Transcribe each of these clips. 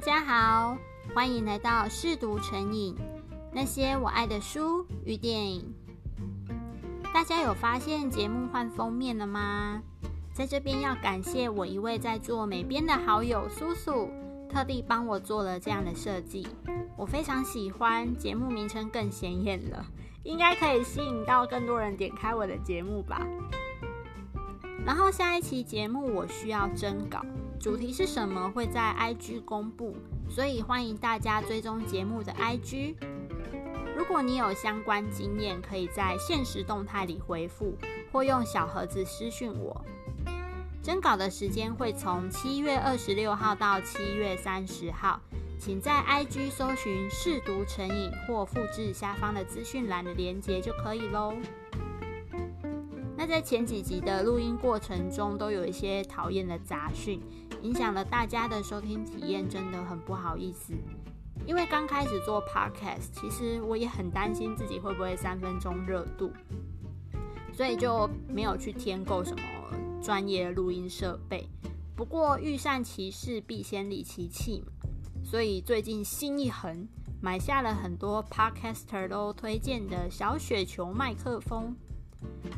大家好，歡迎來到嗜讀沉影，那些我愛的書與電影。大家有發現節目換封面了嗎？在這邊要感謝我一位在做美編的好友蘇蘇，特地幫我做了這樣的設計，我非常喜歡，節目名稱更顯眼了，應該可以吸引到更多人點開我的節目吧。然後下一期節目我需要徵稿。主題是什麼，會在 IG 公布，所以歡迎大家追蹤節目的 IG。如果你有相關經驗，可以在限時動態裡回復，或用小盒子私訊我。徵稿的時間會從七月二十六號到七月三十號，請在 IG 搜尋“嗜讀沉影”或複制下方的資訊欄的連結就可以嘍。那在前幾集的錄音過程中，都有一些討厭的雜訊，影響了大家的收聽體驗，真的很不好意思。因為剛開始做 podcast，其實我也很擔心自己會不會三分鐘熱度，所以就沒有去添購什麼專業錄音設備。不過，欲善其事，必先利其器嘛，所以最近心一橫，買下了很多 podcaster 都推薦的小雪球麥克風。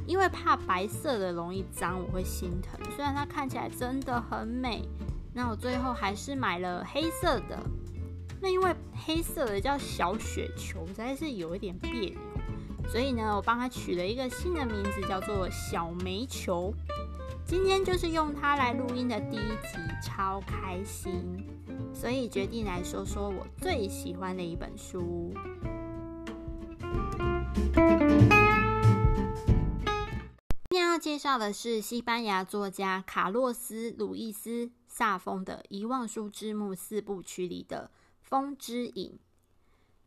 因為怕白色的容易髒，我會心疼。雖然它看起來真的很美，那我最後還是買了黑色的。那因為黑色的叫小雪球，實在是有一點彆扭，所以呢，我幫它取了一個新的名字，叫做小煤球。今天就是用它來錄音的第一集，超開心，所以決定來說說我最喜歡的一本書。今天要介紹的是西班牙作家卡洛斯·魯伊斯·薩豐的《遺忘書之墓》四部曲裡的《風之影》，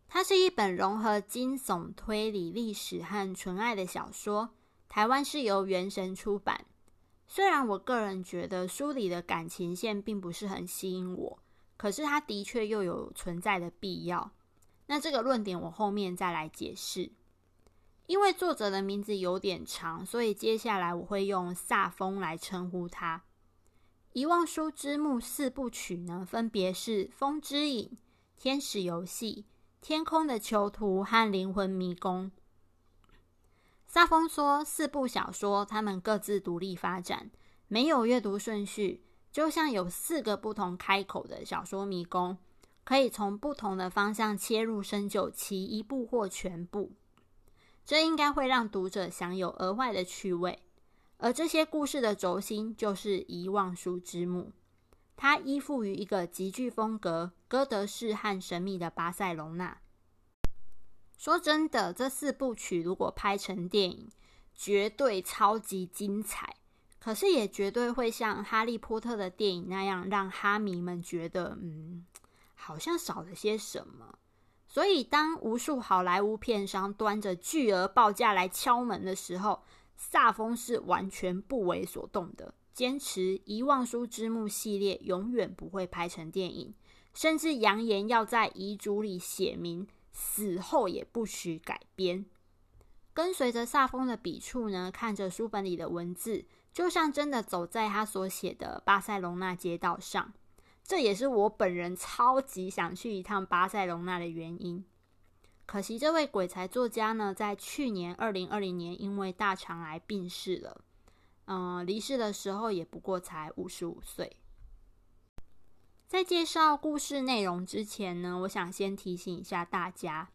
它是一本融合驚悚、推理、歷史和純愛的小說。台灣是由圓神出版。雖然我個人覺得書裡的感情線並不是很吸引我，可是它的確又有存在的必要。那這個論點我後面再來解釋。因為作者的名字有點長，所以接下來我會用薩豐來稱呼他。《遺忘書之墓》四部曲呢，分別是《風之影》《天使遊戲》《天空的囚徒》和《靈魂迷宮》。薩豐說，四部小說他們各自獨立發展，沒有閱讀順序，就像有四個不同開口的小說迷宮，可以從不同的方向切入，深究其一部或全部。這應該會讓讀者享有額外的趣味，而這些故事的軸心就是遺忘書之墓，它依附於一個極具風格、哥德式和神秘的巴塞隆納。說真的，這四部曲如果拍成電影，絕對超級精彩，可是也絕對會像《哈利波特》的電影那樣，讓哈迷們覺得，嗯，好像少了些什麼。所以，當無數好萊塢片商端着鉅額報價來敲門的時候，薩豐是完全不為所動的，堅持《遺忘書之墓》系列永遠不會拍成電影，甚至揚言要在遺囑裡寫明死後也不許改編。跟隨着薩豐的筆觸呢，看着書本裡的文字，就像真的走在他所寫的巴塞隆納街道上。這也是我本人超級想去一趟巴塞隆納的原因。可惜，這位鬼才作家呢，在去年二零二零年因為大腸癌病逝了。嗯，離世的時候也不過才五十五歲。在介紹故事內容之前呢，我想先提醒一下大家，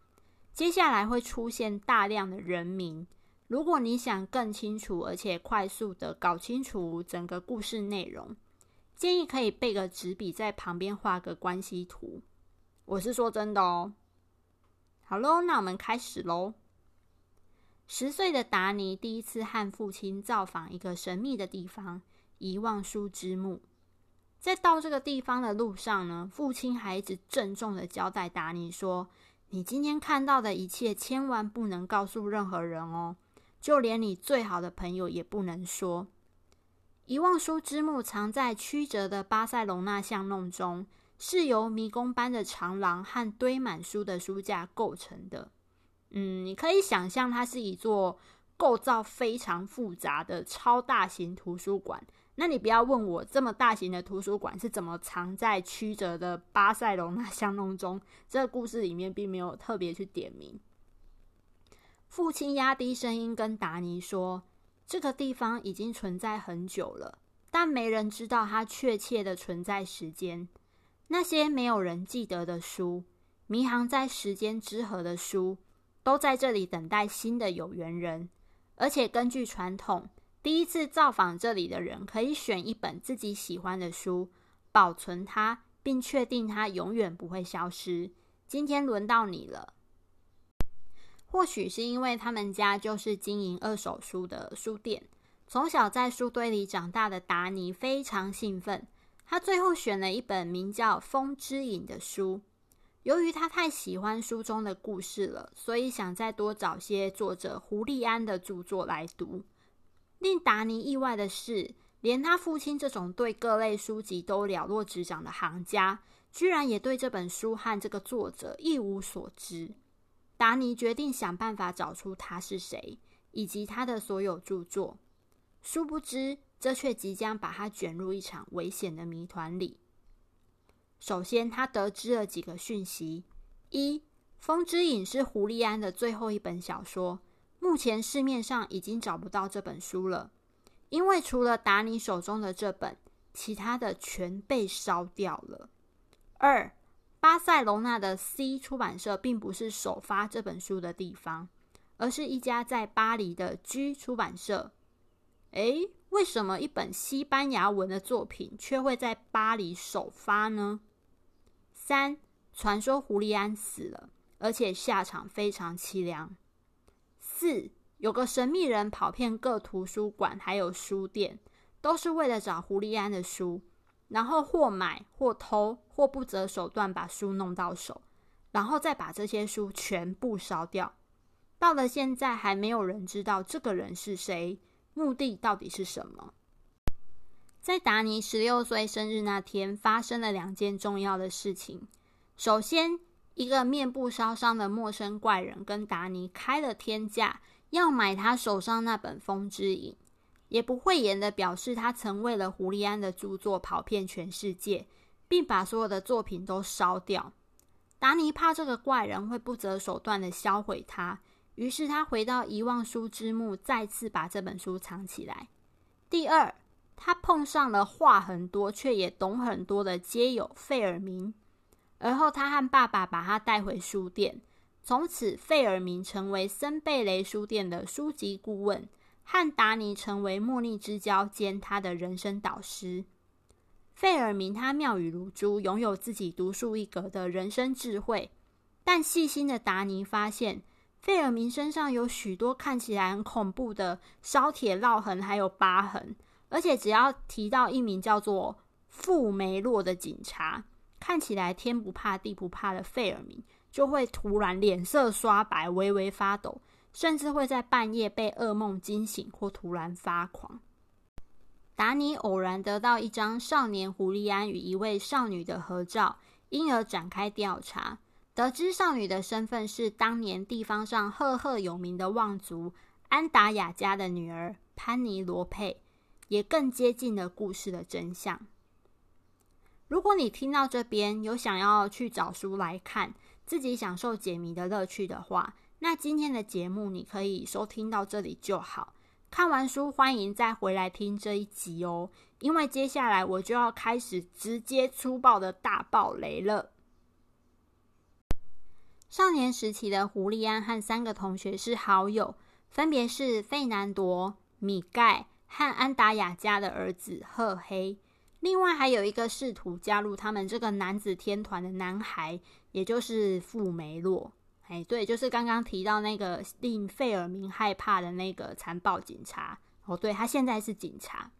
接下來會出現大量的人名。如果你想更清楚而且快速地搞清楚整個故事內容。建議可以備個紙筆，在旁邊畫個關係圖。我是說真的哦。好嘍，那我們開始嘍。十歲的達尼第一次和父親造訪一個神祕的地方——遺忘書之墓。在到這個地方的路上呢，父親還一直鄭重的交代達尼說：“你今天看到的一切，千萬不能告訴任何人哦，就連你最好的朋友也不能說。”遺忘書之墓藏在曲折的巴塞隆納巷弄中，是由迷宮般的長廊和堆滿書的書架構成的。嗯，你可以想象它是一座構造非常複雜的超大型圖書館。那你不要問我這麼大型的圖書館是怎麼藏在曲折的巴塞隆納巷弄中？這個故事裡面並沒有特別去點名。父親壓低聲音跟達尼說，這個地方已經存在很久了，但沒人知道它確切的存在時間。那些沒有人記得的書，迷航在時間之河的書，都在這裡等待新的有緣人。而且根據傳統，第一次造訪這裡的人可以選一本自己喜歡的書，保存它，並確定它永遠不會消失。今天輪到你了。或許是因為他們家就是經營二手書的書店，從小在書堆裡長大的達尼非常興奮。他最後選了一本名叫《風之影》的書。由於他太喜歡書中的故事了，所以想再多找些作者胡利安的著作來讀。令達尼意外的是，連他父親這種對各類書籍都了如指掌的行家居然也對這本書和這個作者一無所知。達尼決定想辦法找出他是誰，以及他的所有著作。殊不知，這卻即將把他捲入一場危險的謎團裡。首先，他得知了幾個訊息：一，《風之影》是胡利安的最後一本小說，目前市面上已經找不到這本書了，因為除了達尼手中的這本，其他的全被燒掉了。二巴塞羅那的 C 出版社並不是首發這本書的地方，而是一家在巴黎的 G 出版社。誒，為什麼一本西班牙文的作品卻會在巴黎首發呢？三，傳說胡利安死了，而且下場非常淒涼。四，有個神秘人跑遍各圖書館，還有書店，都是為了找胡利安的書。然後或買或偷或不擇手段把書弄到手，然後再把這些書全部燒掉。到了現在，還沒有人知道這個人是誰，目的到底是什麼。在達尼十六歲生日那天，發生了兩件重要的事情。首先，一個面部燒傷的陌生怪人跟達尼開了天價，要買他手上那本《風之影》。也不諱言的表示，他曾為了胡利安的著作跑遍全世界，並把所有的作品都燒掉。達尼怕這個怪人會不擇手段的銷毀他，於是他回到遺忘書之墓，再次把這本書藏起來。第二，他碰上了話很多卻也懂很多的街友費爾明，而後他和爸爸把他帶回書店，從此費爾明成為森貝雷書店的書籍顧問。和達尼成為莫逆之交，兼他的人生導師費爾明。他妙語如珠，擁有自己獨樹一格的人生智慧。但細心的達尼發現，費爾明身上有許多看起來很恐怖的燒鐵烙痕，還有疤痕。而且，只要提到一名叫做富梅洛的警察，看起來天不怕地不怕的費爾明，就會突然臉色刷白，微微發抖。甚至會在半夜被噩夢驚醒，或突然發狂。達尼偶然得到一張少年胡利安與一位少女的合照，因而展開調查，得知少女的身份是當年地方上赫赫有名的望族安達雅家的女兒潘尼羅佩，也更接近了故事的真相。如果你聽到這邊有想要去找書來看，自己享受解謎的樂趣的話，那今天的節目你可以收聽到這裡就好。看完書，歡迎再回來聽這一集哦，因為接下來我就要開始直接粗暴的大爆雷了。少年時期的胡立安和三個同學是好友，分別是費南多、米蓋和安達雅家的兒子赫黑，另外還有一個試圖加入他們這個男子天團的男孩，也就是富梅洛。哎，對，就是剛剛提到那個令費爾明害怕的那個殘暴警察哦。對，他現在是警察。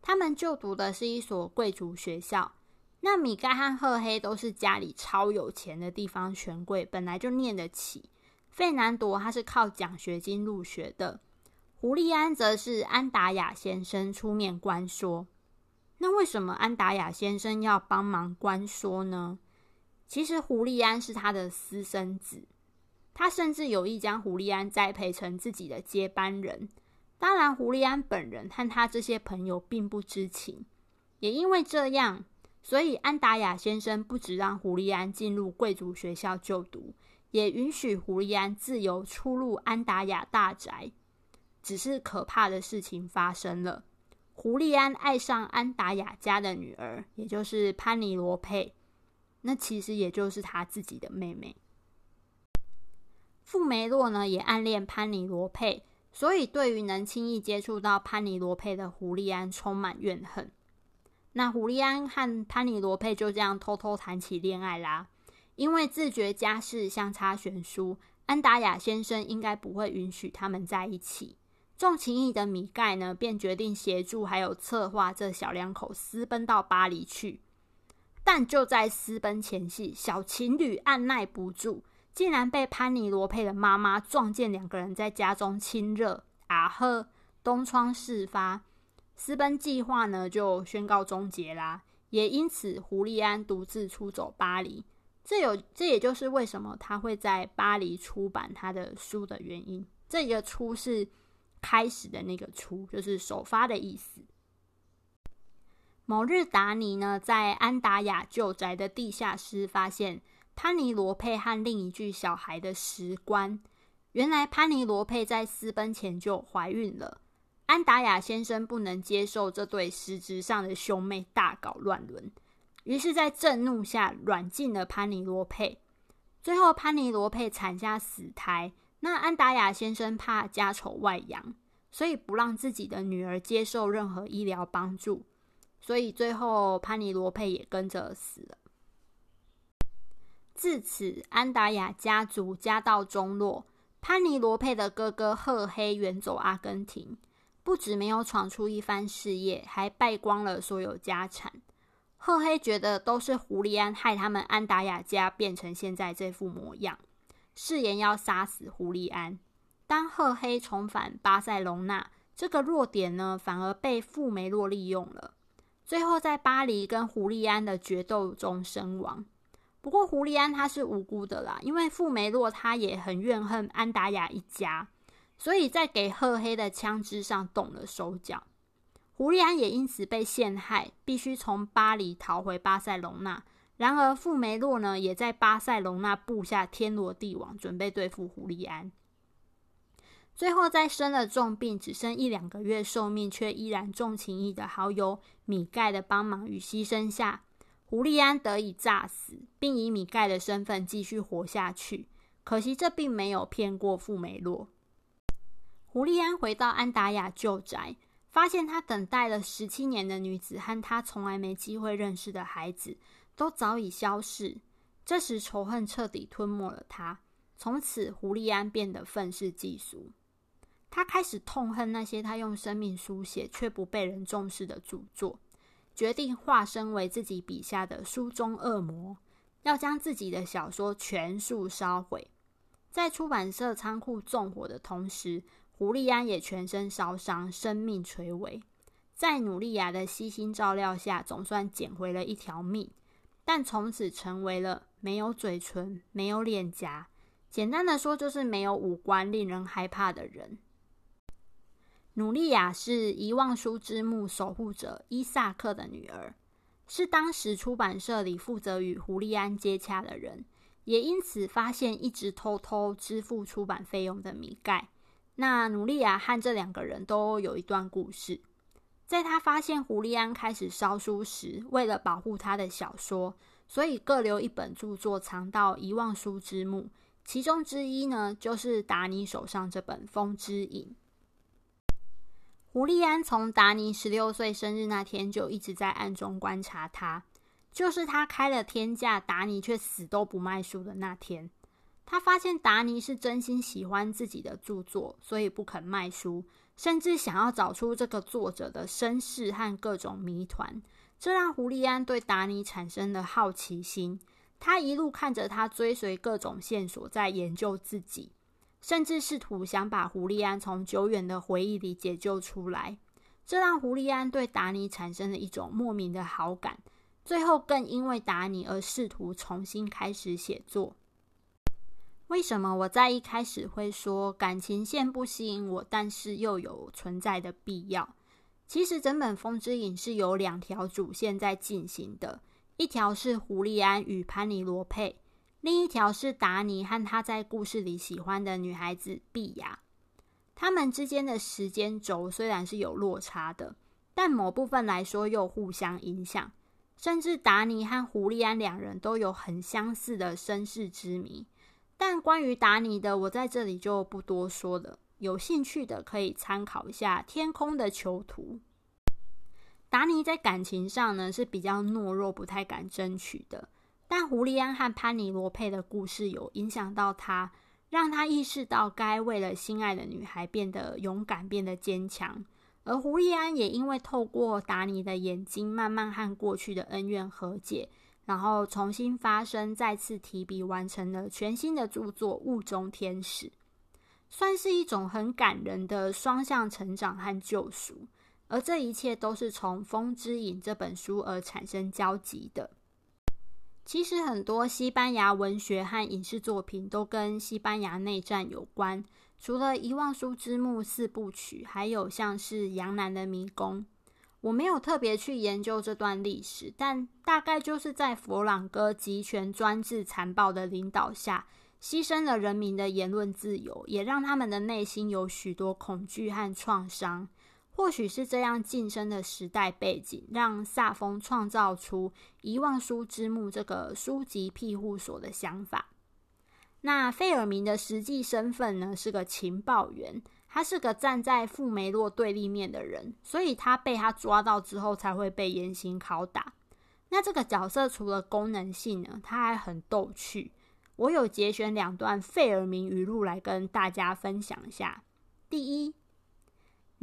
他們就讀的是一所貴族學校。那米蓋和赫黑都是家裡超有錢的地方權貴，本來就念得起。費南多他是靠獎學金入學的。胡利安則是安達雅先生出面關說。那為什麼安達雅先生要幫忙關說呢？其實胡利安是他的私生子。他甚至有意將胡利安栽培成自己的接班人。當然，胡利安本人和他這些朋友並不知情。也因為這樣，所以安達雅先生不只讓胡利安進入貴族學校就讀，也允許胡利安自由出入安達雅大宅。只是可怕的事情發生了：胡利安愛上安達雅家的女兒，也就是潘尼羅佩，那其實也就是他自己的妹妹。富梅洛呢也暗戀潘尼羅佩，所以對於能輕易接觸到潘尼羅佩的胡利安充滿怨恨。那胡利安和潘尼羅佩就這樣偷偷談起戀愛啦。因為自覺家世相差懸殊，安達雅先生應該不會允許他們在一起。重情義的米蓋呢，便決定協助還有策劃這小兩口私奔到巴黎去。但就在私奔前夕，小情侶按捺不住。竟然被潘尼羅佩的媽媽撞見，兩個人在家中親熱。阿、啊、呵東窗事發，私奔計劃呢就宣告終結啦。也因此，胡利安獨自出走巴黎。這有這也就是為什麼他會在巴黎出版他的書的原因。這一個“出”是開始的那個“出”，就是首發的意思。某日，達尼呢在安達雅舊宅的地下室發現。潘尼羅佩和另一具小孩的石棺，原來潘尼羅佩在私奔前就懷孕了。安達雅先生不能接受這對實質上的兄妹大搞亂倫，於是，在震怒下軟禁了潘尼羅佩。最後，潘尼羅佩產下死胎。那安達雅先生怕家醜外揚，所以不讓自己的女兒接受任何醫療幫助。所以，最後潘尼羅佩也跟著死了。自此，安達雅家族家道中落。潘尼羅佩的哥哥赫黑遠走阿根廷，不止沒有闖出一番事業，還敗光了所有家產。赫黑覺得都是胡利安害他們安達雅家變成現在這副模樣，誓言要殺死胡利安。當赫黑重返巴塞隆納，這個弱點呢，反而被富梅洛利用了。最後，在巴黎跟胡利安的決鬥中身亡。不過，胡利安他是無辜的啦，因為富梅洛他也很怨恨安達雅一家，所以在給赫黑的槍支上動了手腳，胡利安也因此被陷害，必須從巴黎逃回巴塞隆納。然而，富梅洛呢也在巴塞隆納布下天羅地網，準備對付胡利安。最後，在生了重病、只剩一兩個月壽命卻依然重情義的好友米蓋的幫忙與犧牲下。胡利安得以詐死，並以米蓋的身份繼續活下去。可惜這並沒有騙過傅梅洛。胡利安回到安達雅舊宅，發現他等待了十七年的女子和他從來沒機會認識的孩子都早已消逝。這時仇恨徹底吞沒了他，從此胡利安變得憤世嫉俗。他開始痛恨那些他用生命書寫卻不被人重視的著作。決定化身為自己筆下的書中惡魔，要將自己的小說全數燒毀。在出版社倉庫縱火的同時，胡利安也全身燒傷，生命垂危。在努莉亞的悉心照料下，總算撿回了一條命，但從此成為了沒有嘴唇、沒有臉頰，簡單的說就是沒有五官、令人害怕的人。努利亞是遺忘書之墓守護者伊薩克的女兒，是當時出版社裡負責與胡利安接洽的人，也因此發現一直偷偷支付出版費用的米蓋。那努利亞和這兩個人都有一段故事。在她發現胡利安開始燒書時，為了保護他的小說，所以各留一本著作藏到遺忘書之墓，其中之一呢，就是達尼手上這本《風之影》。胡利安從達尼十六歲生日那天就一直在暗中觀察他，就是他開了天價，達尼卻死都不賣書的那天，他發現達尼是真心喜歡自己的著作，所以不肯賣書，甚至想要找出這個作者的身世和各種謎團，這讓胡利安對達尼產生了好奇心。他一路看着他追隨各種線索，在研究自己。甚至試圖想把胡立安從久遠的回憶裡解救出來，這讓胡立安對達尼產生了一種莫名的好感。最後，更因為達尼而試圖重新開始寫作。為什麼我在一開始會說感情線不吸引我，但是又有存在的必要？其實，整本《風之影》是有兩條主線在進行的，一條是胡立安與潘尼羅佩。另一條是達尼和他在故事裡喜歡的女孩子碧雅，他們之間的時間軸雖然是有落差的，但某部分來說又互相影響，甚至達尼和胡利安兩人都有很相似的身世之謎。但關於達尼的，我在這裡就不多說了，有興趣的可以參考一下《天空的囚徒》。達尼在感情上呢，是比較懦弱，不太敢爭取的。但胡利安和潘尼羅佩的故事有影響到他，讓他意識到該為了心愛的女孩變得勇敢、變得堅強。而胡利安也因為透過達尼的眼睛，慢慢和過去的恩怨和解，然後重新發聲，再次提筆完成了全新的著作《霧中天使》，算是一種很感人的雙向成長和救贖。而這一切都是從《風之影》這本書而產生交集的。其實很多西班牙文學和影視作品都跟西班牙內戰有關，除了《遺忘書之墓》四部曲，還有像是《羊男的迷宮》。我沒有特別去研究這段歷史，但大概就是在佛朗哥極權專制、殘暴的領導下，犧牲了人民的言論自由，也讓他們的內心有許多恐懼和創傷。或許是這樣晉升的時代背景，讓薩豐創造出遺忘書之墓這個書籍庇護所的想法。那費爾明的實際身份呢？是個情報員，他是個站在富梅洛對立面的人，所以他被他抓到之後才會被嚴刑拷打。那這個角色除了功能性呢，他還很逗趣。我有節選兩段費爾明語錄來跟大家分享一下。第一。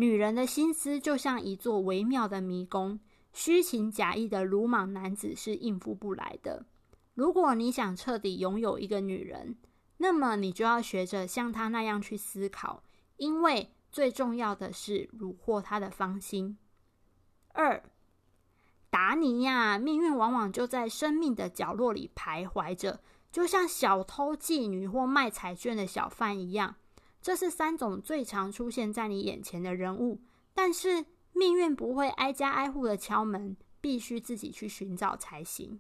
女人的心思就像一座微妙的迷宮，虛情假意的魯莽男子是應付不來的。如果你想徹底擁有一個女人，那麼你就要學着像她那樣去思考，因為最重要的是虜獲她的芳心。二、達尼亞，命運往往就在生命的角落裡徘徊着，就像小偷、妓女或賣彩券的小販一樣。這是三種最常出現在你眼前的人物，但是命運不會挨家挨戶的敲門，必須自己去尋找才行。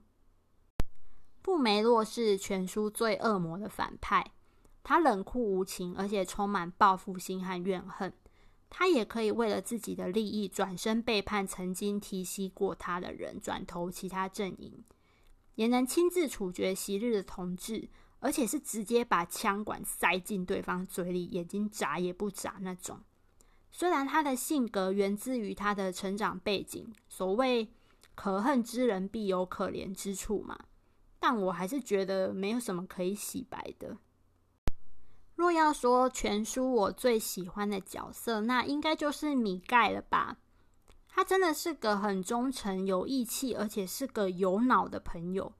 布梅洛是全書最惡魔的反派，他冷酷無情，而且充滿報復心和怨恨。他也可以為了自己的利益，轉身背叛曾經提攜過他的人，轉投其他陣營，也能親自處決昔日的同志。而且是直接把槍管塞進對方嘴裡，眼睛眨也不眨那種。雖然他的性格源自於他的成長背景，所謂“可恨之人必有可憐之處”嘛，但我還是覺得沒有什麼可以洗白的。若要說全書我最喜歡的角色，那應該就是米蓋了吧？他真的是個很忠誠、有義氣，而且是個有腦的朋友。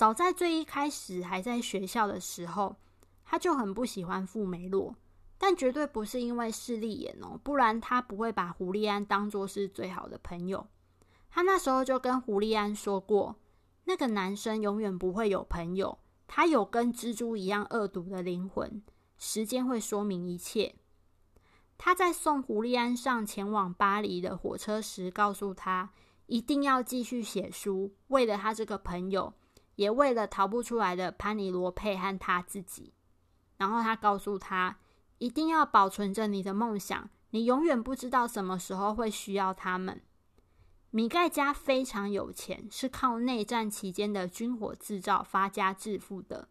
早在最一開始還在學校的時候，他就很不喜歡富梅洛，但絕對不是因為勢利眼哦，不然他不會把胡利安當做是最好的朋友。他那時候就跟胡利安說過，那個男生永遠不會有朋友，他有跟蜘蛛一樣惡毒的靈魂。時間會說明一切。他在送胡利安上前往巴黎的火車時，告訴他一定要繼續寫書，為了他這個朋友。也為了逃不出來的潘尼羅佩和他自己，然後他告訴他一定要保存着你的夢想，你永遠不知道什麼時候會需要他們。米蓋家非常有錢，是靠內戰期間的軍火制造發家致富的。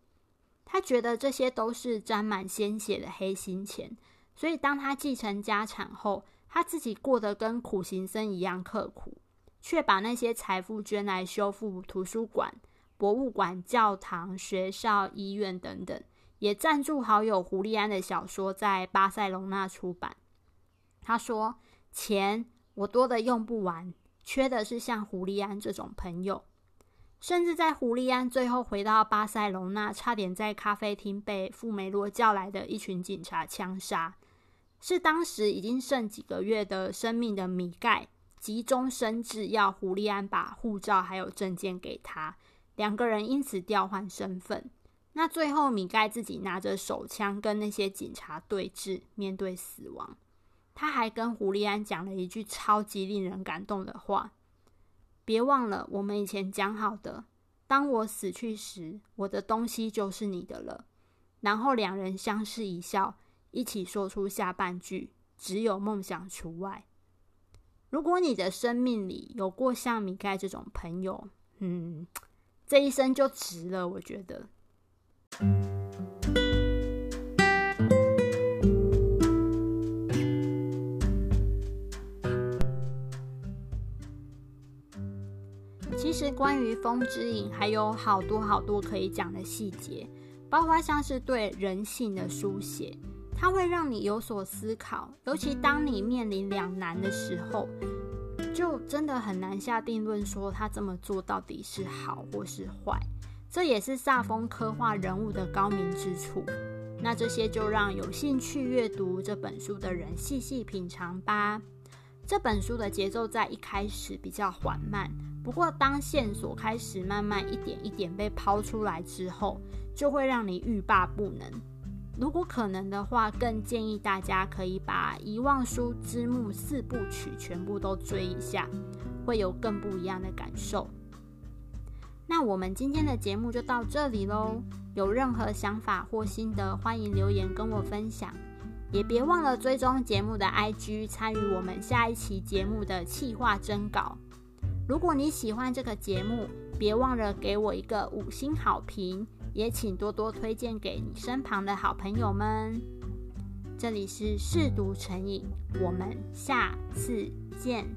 他覺得這些都是沾滿鮮血的黑心錢，所以當他繼承家產後，他自己過得跟苦行僧一樣刻苦，卻把那些財富捐來修復圖書館。博物館、教堂、學校、醫院等等，也贊助好友胡利安的小說在巴塞隆納出版。他說：“錢我多的用不完，缺的是像胡利安這種朋友。”甚至在胡利安最後回到巴塞隆納，差點在咖啡廳被富梅羅叫來的一群警察槍殺，是當時已經剩幾個月的生命的米蓋急中生智，要胡利安把護照還有證件給他。兩個人因此調換身份。那最後，米蓋自己拿着手槍跟那些警察對峙，面對死亡。他還跟胡利安講了一句超級令人感動的話：“別忘了我們以前講好的，當我死去時，我的東西就是你的了。”然後兩人相視一笑，一起說出下半句：“只有夢想除外。”如果你的生命裡有過像米蓋這種朋友，嗯。這一生就值了，我覺得。其實關於《風之影》還有好多好多可以講的細節，包括像是對人性的書寫，它會讓你有所思考，尤其當你面臨兩難的時候。就真的很難下定論說他這麼做到底是好或是壞，這也是薩豐刻畫人物的高明之處。那這些就讓有興趣閱讀這本書的人細細品嘗吧。這本書的節奏在一開始比較緩慢，不過當線索開始慢慢一點一點被拋出來之後，就會讓你欲罷不能。如果可能的話，更建議大家可以把《遺忘書之墓》四部曲全部都追一下，會有更不一樣的感受。那我們今天的節目就到這裡嘍。有任何想法或心得，歡迎留言跟我分享。也別忘了追蹤節目的 IG，參與我們下一期節目的企劃徵稿。如果你喜歡這個節目，別忘了給我一個五星好評。也請多多推薦給你身旁的好朋友們。這裡是嗜讀沉影，我們下次見。